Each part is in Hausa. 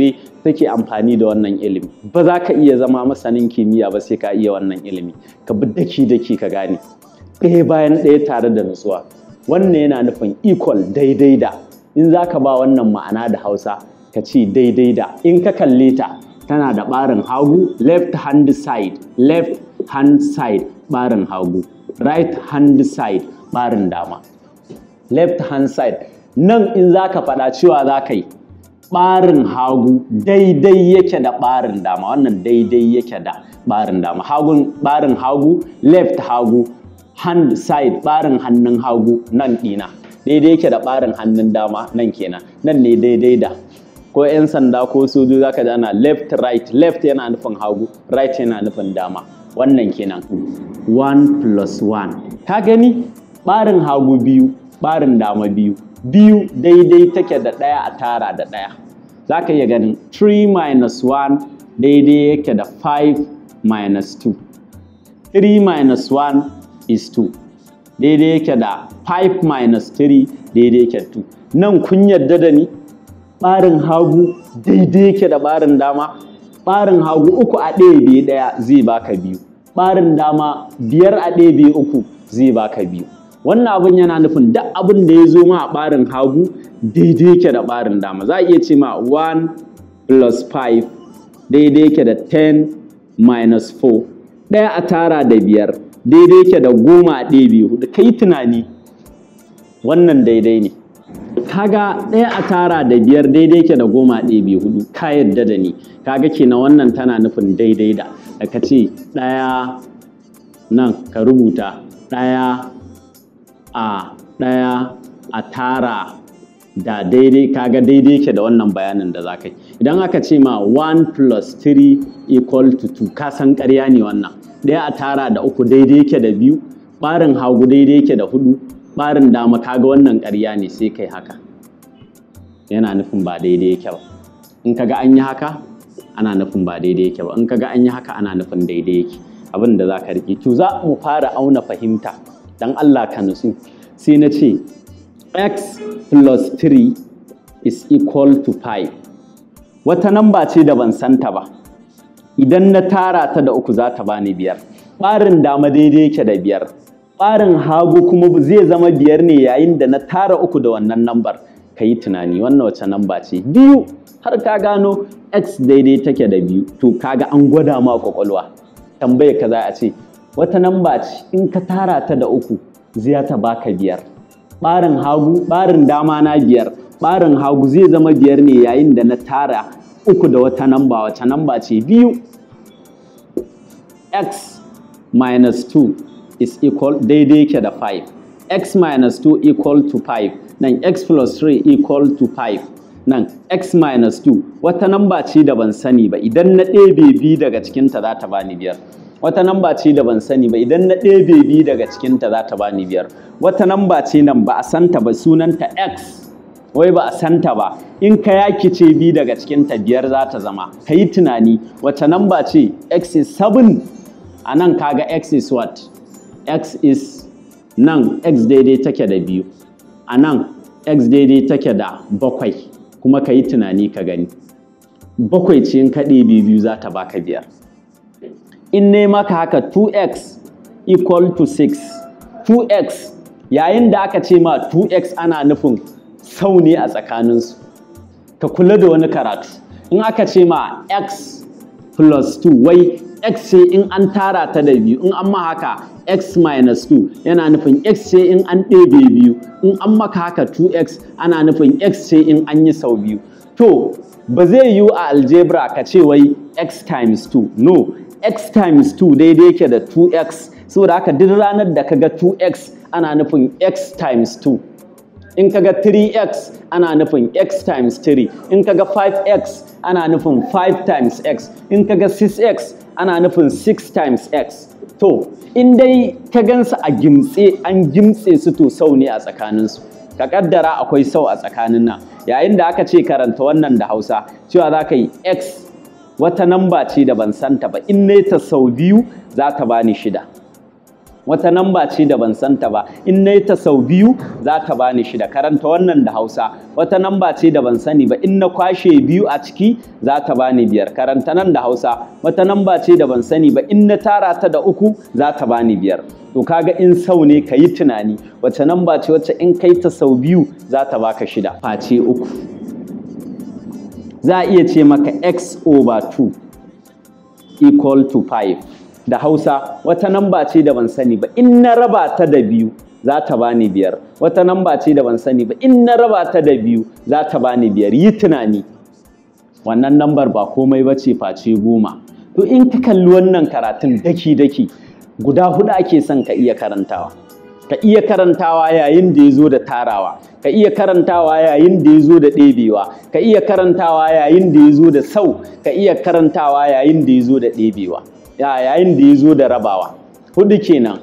3 take amfani da wannan ilimi ba za ka iya zama masanin kimiyya ba sai ka iya wannan ilimi ka bi daki daki ka gane ɗaya bayan ɗaya tare da nutsuwa wannan yana nufin equal daidai da in za ka ba wannan ma'ana da hausa ka ce daidai da in ka kalli ta tana da ɓarin hagu left hand side left hand side ɓarin hagu right hand side ɓarin dama left hand side nan in za ka faɗa cewa za ka yi ɓarin hagu daidai yake da ɓarin dama wannan daidai yake da ɓarin dama hagun ɓarin hagu left hagu hand side ɓarin hannun hagu nan ɗina daidai yake da ɓarin hannun dama nan kenan nan ne daidai da ko 'yan sanda ko soju zaka ji ana left right left yana nufin hagu right yana nufin dama wannan kenan 1 plus 1 ka gani ɓarin hagu biyu barin dama biyu biyu daidai take da ɗaya a tara da ɗaya za ka iya ganin 3 minus 1 daidai yake da 5 minus 2 3 minus 1 is 2 daidai yake da 5 minus 3 daidai yake 2 nan kun yadda da ni barin hagu daidai yake da barin dama barin hagu uku a ɗaya biyu ɗaya zai baka biyu ɓarin dama biyar a ɗaya biyu uku zai baka biyu wannan abin yana nufin duk abin da ya zo ma a ɓarin hagu daidai ke da ɓarin dama za a iya ce ma 1 plus 5 daidai ke da 10 minus 4 ɗaya a tara da biyar daidai ke da goma a ɗaya biyu da kai tunani wannan daidai ne kaga ɗaya a tara da biyar daidai ke da goma a ɗaya biyu hudu ka yadda da ni kaga kenan wannan tana nufin daidai da ka ce ɗaya nan ka rubuta ɗaya a ɗaya a tara da daidai kaga daidai ke da wannan bayanin da za ka yi idan aka ce ma 1 plus 3 equal to 2 kasan karya ne wannan ɗaya a tara da uku daidai ke da biyu ɓarin hagu daidai ke da hudu ɓarin dama kaga wannan karya ne sai kai haka yana nufin ba daidai yake ba in kaga an yi haka ana nufin ba daidai yake ba in kaga an yi haka ana nufin daidai yake abin da za ka riƙe to za mu fara auna fahimta dan Allah ka nutsu sai na ce x plus 3 is equal to 5 wata nan ba ce da ban santa ba idan na tara ta da uku za ta bani biyar ɓarin dama daidai yake da biyar ɓarin hagu kuma zai zama biyar ne yayin da na tara uku da wannan nambar ka yi tunani wannan wace namba ce biyu har ka gano x daidai take da biyu to kaga an gwada ma kwakwalwa Tambaye ka za a ce wata namba ce in ka tara ta da uku zai ta baka biyar ɓarin hagu barin dama na biyar barin hagu zai zama biyar ne yayin da na tara uku da wata namba wata namba ce biyu x minus 2 is equal daidai ke da 5 x minus 2 equal to 5 nan x plus 3 equal to 5 nan x minus 2 wata namba ce da ban sani ba idan na ɗebe biyu daga cikinta za ta bani biyar wata namba ce da ban sani ba idan na ɗebe bi daga cikinta za ta bani biyar wata namba ce nan ba a santa ba sunanta x wai ba a santa ba in ka yaki ce bi daga cikinta biyar za ta zama ka yi tunani wata namba ce x is 7 a nan kaga x is what x is nan x daidai take da biyu a nan x daidai take da bakwai kuma ka yi tunani ka gani bakwai ce in ka ɗebe biyu za ta baka biyar in ne maka haka 2x equal to 6 2x yayin da aka ce ma 2x ana nufin sau ne a tsakaninsu ka kula da wani karatu in aka ce ma x plus 2 wai x ce in an tara ta da biyu in an ma haka x minus 2 yana nufin x ce in an ɗebe biyu in an maka haka 2x ana nufin x ce in an yi sau biyu to ba zai yiwu a algebra ka ce wai x times 2 no x times 2 daidai yake da 2x saboda haka duk ranar da kaga 2x ana nufin x times 2 in kaga 3x ana nufin x times 3 in kaga 5x ana nufin 5 times x in kaga 6x ana nufin 6 times x to in dai ka gansu a gimtse an gimtse su to sau ne a tsakaninsu ka kaddara akwai sau a tsakanin nan yayin da aka ce karanta wannan da hausa cewa za ka yi x wata namba ce da ban santa ba in ne ta sau biyu za ta ba ni shida wata namba ce da ban santa ba in na ta sau biyu za ta ba ni shida karanta wannan da hausa wata namba ce da ban sani ba in na kwashe biyu a ciki za ta ba ni biyar karanta nan da hausa wata namba ce da ban sani ba in na tara ta da uku za ta ba ni biyar to kaga in sau ne ka yi tunani wace namba ce wacce in kai ta sau biyu za ta ka shida face uku za a iya ce maka x over 2 equal to 5 da hausa wata namba ce da ban sani ba in na raba ta da biyu za ta bani biyar wata namba ce da ban sani ba in na raba ta da biyu za ta bani biyar yi tunani wannan nambar ba komai ba ce face goma to in ka kalli wannan karatun daki-daki guda hudu ake son ka iya karantawa ka iya karantawa yayin da ya zo da tarawa ka iya karantawa yayin da ya zo da ɗebewa ka iya karantawa yayin da ya zo da sau ka iya karantawa yayin da ya zo da ɗebewa yayin da ya zo da rabawa hudu kenan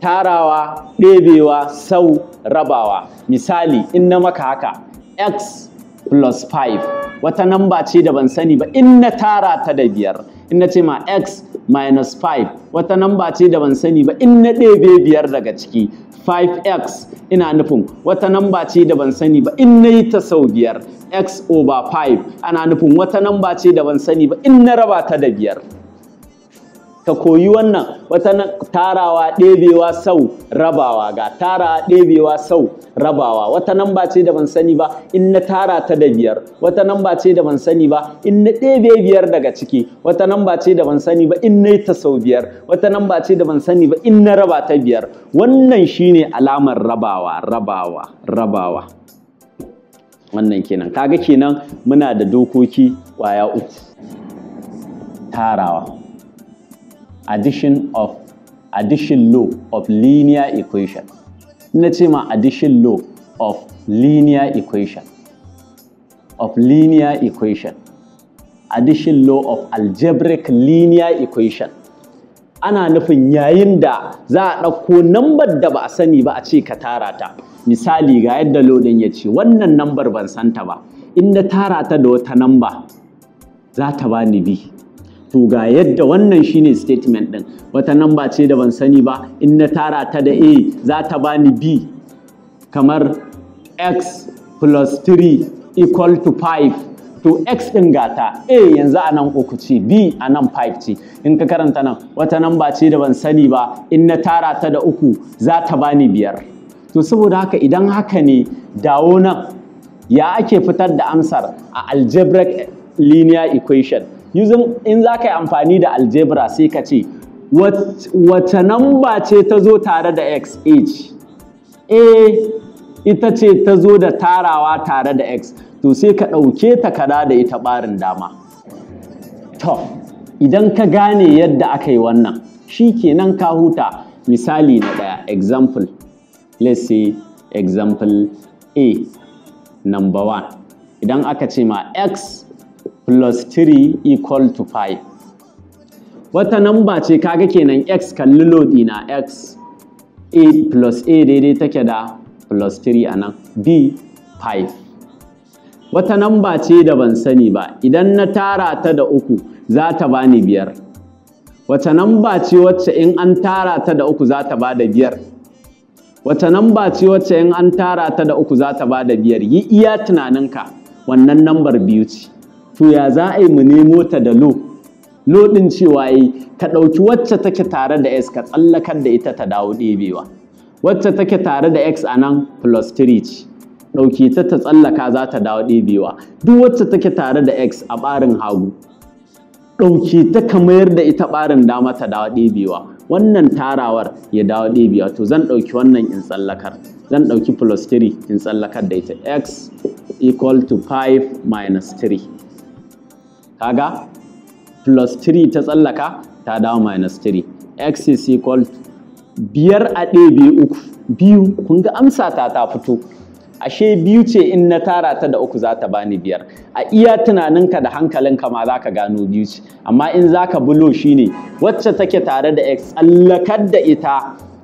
tarawa ɗebewa sau rabawa misali in na maka haka x plus 5 wata namba ce da ban sani ba in na tara ta da biyar in na ce ma x minus 5 wata namba ce da ban sani ba in na ɗebe biyar daga ciki 5x ina nufin wata namba ce da ban sani ba in na yi ta sau biyar x over 5 ana nufin wata namba ce da ban sani ba in na raba ta da biyar ka koyi wannan wata tarawa ɗebewa sau rabawa ga tarawa ɗebewa sau rabawa wata nan ba ce da ban sani ba in na tara ta da biyar wata nan ba ce da ban sani ba in na ɗebe biyar daga ciki wata nan ba ce da ban sani ba in na yi ta sau biyar wata nan ba ce da ban sani ba in na raba ta biyar wannan shine alamar rabawa rabawa rabawa wannan kenan kaga kenan muna da dokoki ƙwaya uku tarawa addition of addition law of linear equation na ce ma addition law of linear equation of linear equation addition law of algebraic linear equation ana nufin yayin da za a ɗauko nambar da ba a sani ba a ce ka tara ta misali ga yadda lodin ya ce wannan nambar ban santa ba in na tara ta da wata namba za ta ba ni bi to ga yadda wannan shine statement ɗin wata namba ce da ban sani ba in na tara ta da a za ta bani b kamar x plus 3 equal to 5 to x ɗin gata a yanzu a nan uku ce b a nan 5 ce in ka karanta nan wata nan ba ce da ban sani ba in na tara ta da uku za ta bani biyar to saboda haka idan haka ne dawo nan ya ake fitar da amsar a algebraic linear equation Yuzin in za ka yi amfani da aljebra sai ka ce, wace namba ce ta zo tare da x. h A eh, ita ce ta zo da tarawa tare da x, to sai ka ɗauke ta kada da ita ɓarin dama. To, idan ka gane yadda aka yi wannan, shi kenan ka huta misali na ɗaya, example, let's say example A, number one. Idan aka ce ma x plus 3 equal to 5 wata namba ce kaga kenan x kalli na x a plus a daidai take da plus 3 a nan b 5 wata namba ce da ban sani ba idan na tara ta da uku za ta bani biyar wata namba ce wacce in an tara ta da uku za ta ba da biyar wata namba ce wacce in an tara ta da uku za ta ba da biyar yi iya tunaninka wannan nambar biyu ce to ya za a yi mu nemo ta da lo lo ɗin cewa yi ka ɗauki wacce take tare da s ka tsallakar da ita ta dawo ɗebewa wacce take tare da x a nan plus 3 ce ɗauke ta ta tsallaka za ta dawo ɗebewa duk wacce take tare da x a ɓarin hagu ɗauke ta ka mayar da ita ɓarin dama ta dawo ɗebewa wannan tarawar ya dawo ɗebewa to zan ɗauki wannan in tsallakar zan ɗauki plus 3 in tsallakar da ita x equal to 5 minus 3 kaga plus 3 ta tsallaka ta dawo minus 3 x is equal to biyar a ɗebe uku biyu kun ga amsa ta ta fito ashe biyu ce in na tara ta da uku za ta bani biyar a iya tunaninka da hankalinka ma za ka gano biyu ce amma in za ka bulo shine wacce take tare da x tsallakar da ita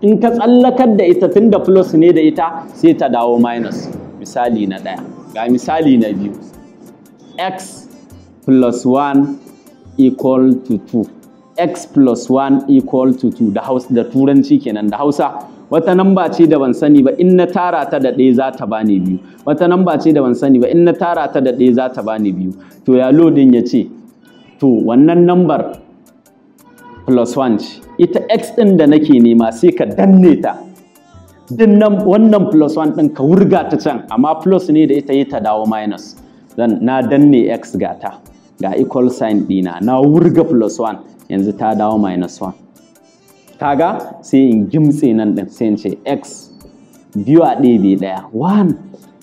in ka tsallakar da ita tun da plus ne da ita sai ta dawo minus misali na ɗaya ga misali na biyu x plus 1 equal to 2 x plus 1 equal to 2 da hausa da turanci kenan da hausa wata namba ce da ban sani ba in na tara ta da ɗaya za ta bani biyu wata namba ce da ban sani ba in na tara ta da ɗaya za ta bani biyu to ya lodin ya ce to wannan nambar plus 1 ce ita x ɗin da nake nema sai ka danne ta din wannan plus 1 ɗin ka wurga ta can amma plus ne da ita yi ta dawo minus dan na danne x gata ga equal sign ɗina na wurga plus 1 yanzu ta dawo minus 1 kaga sai in gimtse nan ɗin sai in ce x biyu a ɗaya bai ɗaya 1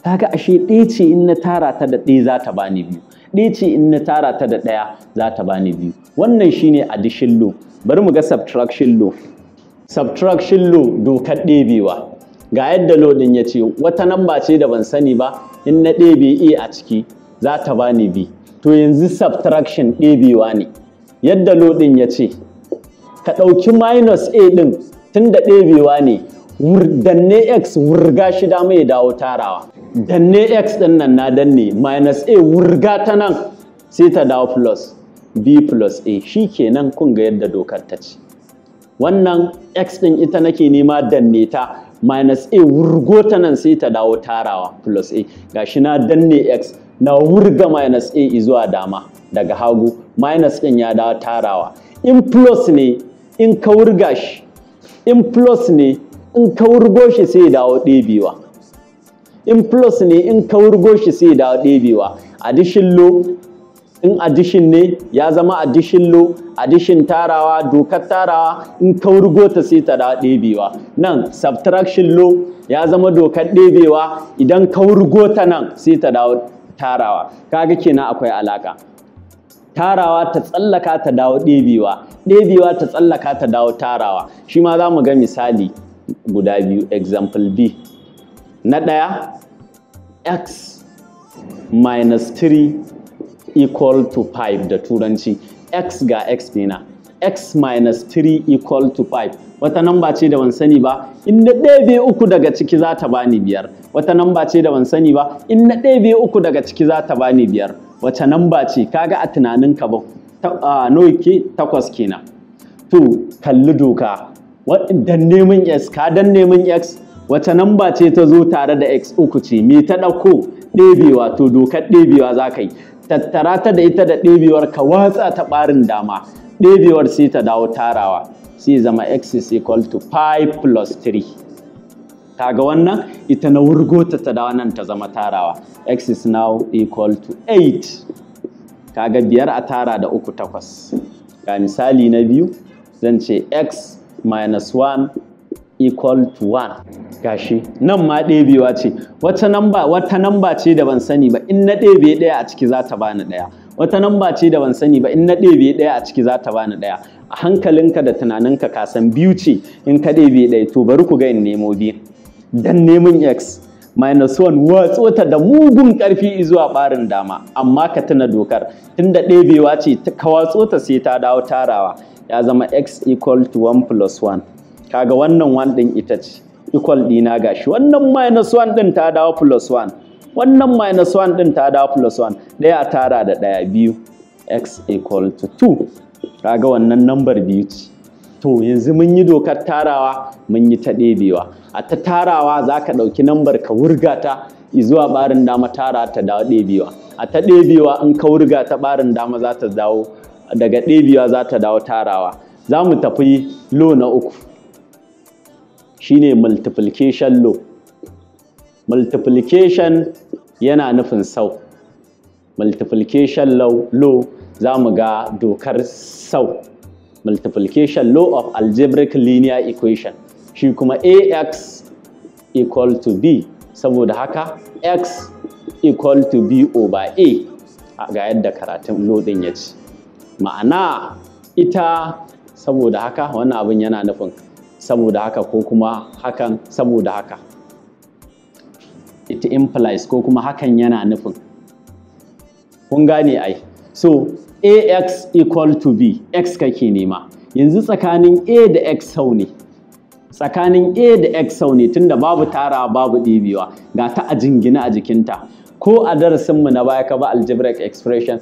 kaga ashe ɗaya ce in na tara ta da ɗaya za ta bani biyu ɗaya ce in na tara ta da ɗaya za ta bani biyu wannan shine addition law bari mu ga subtraction law subtraction law dokar ɗebewa ga yadda lodin ya ce wata namba ce da ban sani ba in na ɗebe A a ciki za ta bani biyu to yanzu subtraction ɗebewa ne yadda lodin ya ce ka ɗauki minus a ɗin tun da ɗebewa ne danne x wurga shi dama ya dawo tarawa danne x ɗin nan na danne minus a wurga ta nan sai ta dawo plus b plus a shi kenan kun ga yadda dokar ta ce wannan x ɗin ita nake nema danne ta minus a wurgo ta nan sai ta dawo tarawa plus a Ga shi na danne x na wurga minus a zuwa dama daga hagu minus ɗin ya dawo tarawa in plus ne in ka wurga shi in plus ne in ka wurgo shi sai ya dawo ɗebewa in plus ne in ka wurgo shi sai ya dawo ɗebewa addition low in addition ne ya zama addition low addition tarawa dokar tarawa in ka wurgo ta sai ta dawo ɗebewa nan subtraction low ya zama dokar ɗebewa idan ka wurgo ta nan sai ta dawo tarawa kaga kenan akwai alaka tarawa ta tsallaka ta dawo ɗebewa ɗebewa ta tsallaka ta dawo tarawa shi ma za mu ga misali guda biyu example b na ɗaya x minus 3 equal to 5 da turanci x ga x dina x minus 3 equal to 5 wata namba ce da ban sani ba in na ɗebe uku daga ciki za ta bani biyar wata namba ce da ban sani ba in na ɗebe uku daga ciki za ta bani biyar wata namba ce kaga a tunaninka ba ta, nawa ke takwas kenan to kalli doka dan neman x ka dan neman x wata namba ce ta zo tare da x uku ce me ta ɗauko ɗebewa to dokar ɗebewa za ka yi tattara ta da ita da ɗebewar ka watsa ta ɓarin dama ɗebewar sai ta dawo tarawa sai zama x is equal to 5 plus 3 kaga wannan ita na wurgo ta ta dawo nan ta zama tarawa x is now equal to 8 kaga biyar a tara da uku takwas ga misali na biyu zan ce x minus 1 equal to 1 gashi nan ma ɗebewa ce wata namba wata namba ce da ban sani ba in na ɗebe ɗaya a ciki za ta bani ɗaya wata namba ce da ban sani ba in na ɗebe ɗaya a ciki za ta bani ɗaya a hankalinka da tunaninka ka san biyu ce in ka ɗebe ɗaya to bari ku ga in nemo biyu dan neman x minus 1 watso ta da mugun ƙarfi zuwa ɓarin dama amma ka tuna dokar tunda ɗebewa ce ka watso ta sai ta dawo tarawa ya zama x equal to 1 plus 1 kaga wannan one ɗin ita ce equal dina gashi wannan minus one ɗin ta dawo plus one wannan minus one ɗin ta dawo plus one ɗaya a tara da ɗaya biyu x equal to two kaga wannan number biyu ce to yanzu mun yi dokar tarawa mun yi ta ɗebewa a ta tarawa za ka ɗauki nambar ka wurga ta zuwa ɓarin dama tara ta dawo ɗebewa a ta ɗebewa in ka wurga ta ɓarin dama za ta dawo daga ɗebewa za ta dawo tarawa za mu tafi lo na uku shine multiplication law multiplication yana nufin sau multiplication law za mu ga dokar sau multiplication law of algebraic linear equation shi kuma ax equal to b saboda haka x equal to b over a ga yadda karatun law din ya ce ma'ana ita saboda haka wannan abin yana nufin saboda haka ko kuma hakan saboda haka it implies ko kuma hakan yana nufin kun gane ai so ax equal to b x kake nema yanzu tsakanin a da x sau ne tsakanin a da x sau ne tunda babu tara babu ɗibewa ga ta a jingina a jikinta ko a darasinmu na baya ka ba algebraic expression